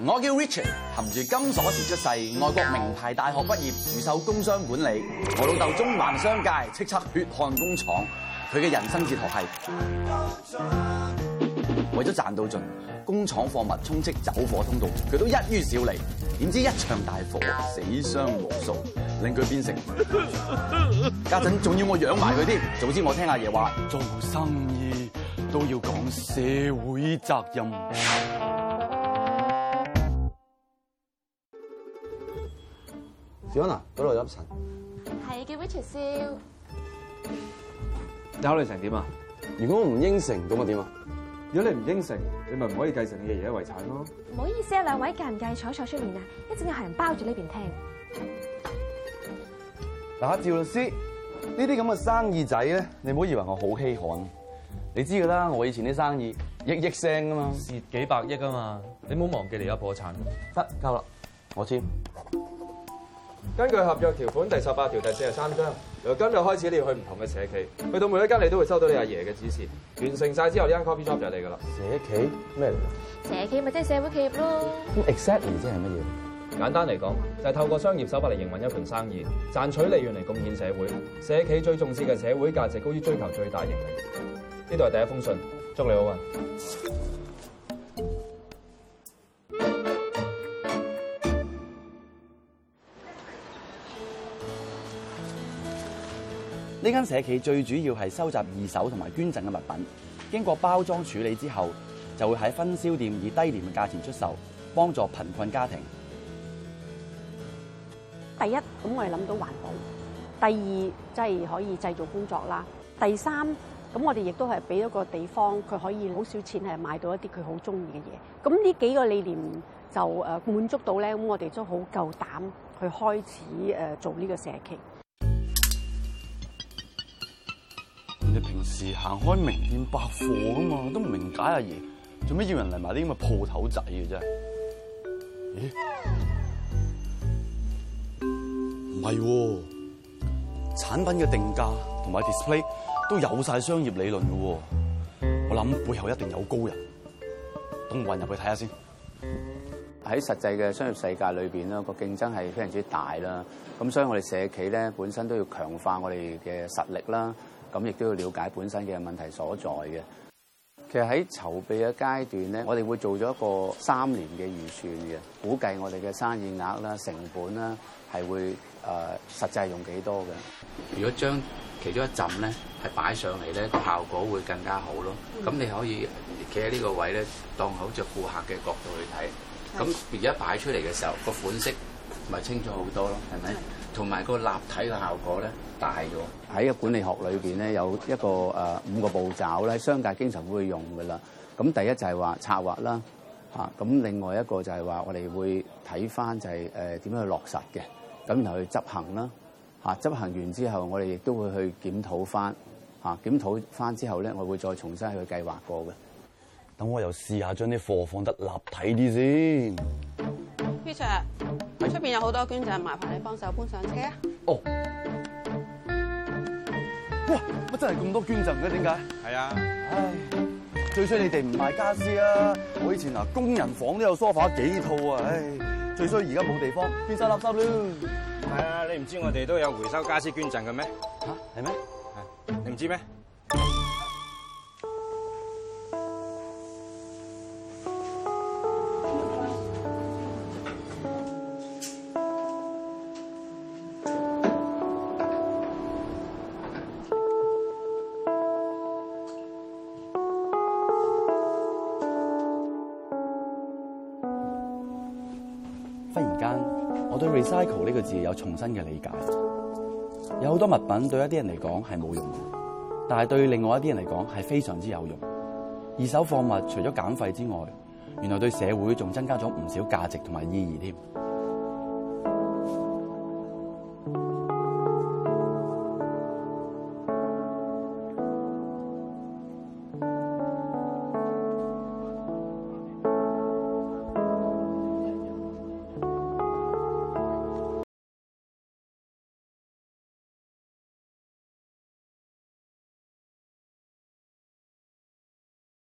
我叫 Richard，含住金鎖匙出世，外國名牌大學畢業，主修工商管理。我老豆中環商界，叱咤血汗工廠。佢嘅人生哲學係為咗賺到盡，工廠貨物充斥走火通道，佢都一於少理。點知一場大火，死傷無數，令佢變成家陣仲要我養埋佢添。早知我聽阿爺話，做生意都要講社會責任。小安娜，嗰度有塵。係，幾杯除消？你考慮成點啊？如果我唔應承，咁我點啊？如果你唔應承，你咪唔可以繼承你嘅爺爺遺產咯。唔好意思啊，兩位介唔介意坐坐出面啊？一陣要客人包住呢邊聽。嗱、啊，趙律師，呢啲咁嘅生意仔咧，你唔好以為我好稀罕。你知噶啦，我以前啲生意億億聲噶嘛，蝕幾百億噶嘛。你唔好忘記你而家破產。得夠啦，我簽。根據合約條款第十八條第四十三章，由今日開始你要去唔同嘅社企，去到每一間你都會收到你阿爺嘅指示，完成晒之後呢間 coffee shop 就嚟㗎啦。社企咩嚟？社企咪即係社會企業咯。咁 exactly 即係乜嘢？簡單嚟講，就係、是、透過商業手法嚟營運一盤生意，賺取利潤嚟貢獻社會。社企最重視嘅社會價值高於追求最大盈利。呢度係第一封信，祝你好運。呢間社企最主要係收集二手同埋捐贈嘅物品，經過包裝處理之後，就會喺分銷店以低廉嘅價錢出售，幫助貧困家庭。第一，咁我哋諗到環保；第二，即係可以製造工作啦；第三，咁我哋亦都係俾一個地方，佢可以好少錢係買到一啲佢好中意嘅嘢。咁呢幾個理念就誒滿足到咧，咁我哋都好夠膽去開始誒做呢個社企。平時行開名店百貨噶嘛，都唔明解阿爺做咩要人嚟埋啲咁嘅鋪頭仔嘅啫？咦，唔係、啊、產品嘅定價同埋 display 都有晒商業理論嘅。我諗背後一定有高人，等我混入去睇下先。喺實際嘅商業世界裏邊咧，個競爭係非常之大啦。咁所以我哋社企咧本身都要強化我哋嘅實力啦。咁亦都要了解本身嘅問題所在嘅。其實喺籌備嘅階段咧，我哋會做咗一個三年嘅預算嘅，估計我哋嘅生意額啦、成本啦，係會實際用幾多嘅。如果將其中一浸咧，係擺上嚟咧，個效果會更加好咯。咁你可以企喺呢個位咧，當好着顧客嘅角度去睇。咁而家擺出嚟嘅時候，個款式咪清楚好多咯，係咪？同埋個立體嘅效果咧大咗。喺個管理學裏邊咧，有一個誒、呃、五個步驟咧，商界經常會用嘅啦。咁第一就係話策劃啦，嚇、啊、咁另外一個就係話我哋會睇翻就係誒點樣去落實嘅，咁然後去執行啦，嚇、啊、執行完之後我哋亦都會去檢討翻，嚇、啊、檢討翻之後咧我會再重新去計劃過嘅。等我又試下將啲貨放得立體啲先。Peter。出邊有好多捐贈，麻煩你幫手搬上車啊！哦，哇，乜真係咁多捐贈嘅？點解？係啊，唉，最衰你哋唔賣家私啦，啊！我以前啊工人房都有 sofa 幾套啊，唉，最衰而家冇地方，捐晒垃圾啦！係啊，你唔知我哋都有回收家私捐贈嘅咩？吓，係咩？係，你唔知咩？對 recycle 呢個字有重新嘅理解，有好多物品對一啲人嚟講係冇用嘅，但係對另外一啲人嚟講係非常之有用。二手貨物除咗減費之外，原來對社會仲增加咗唔少價值同埋意義添。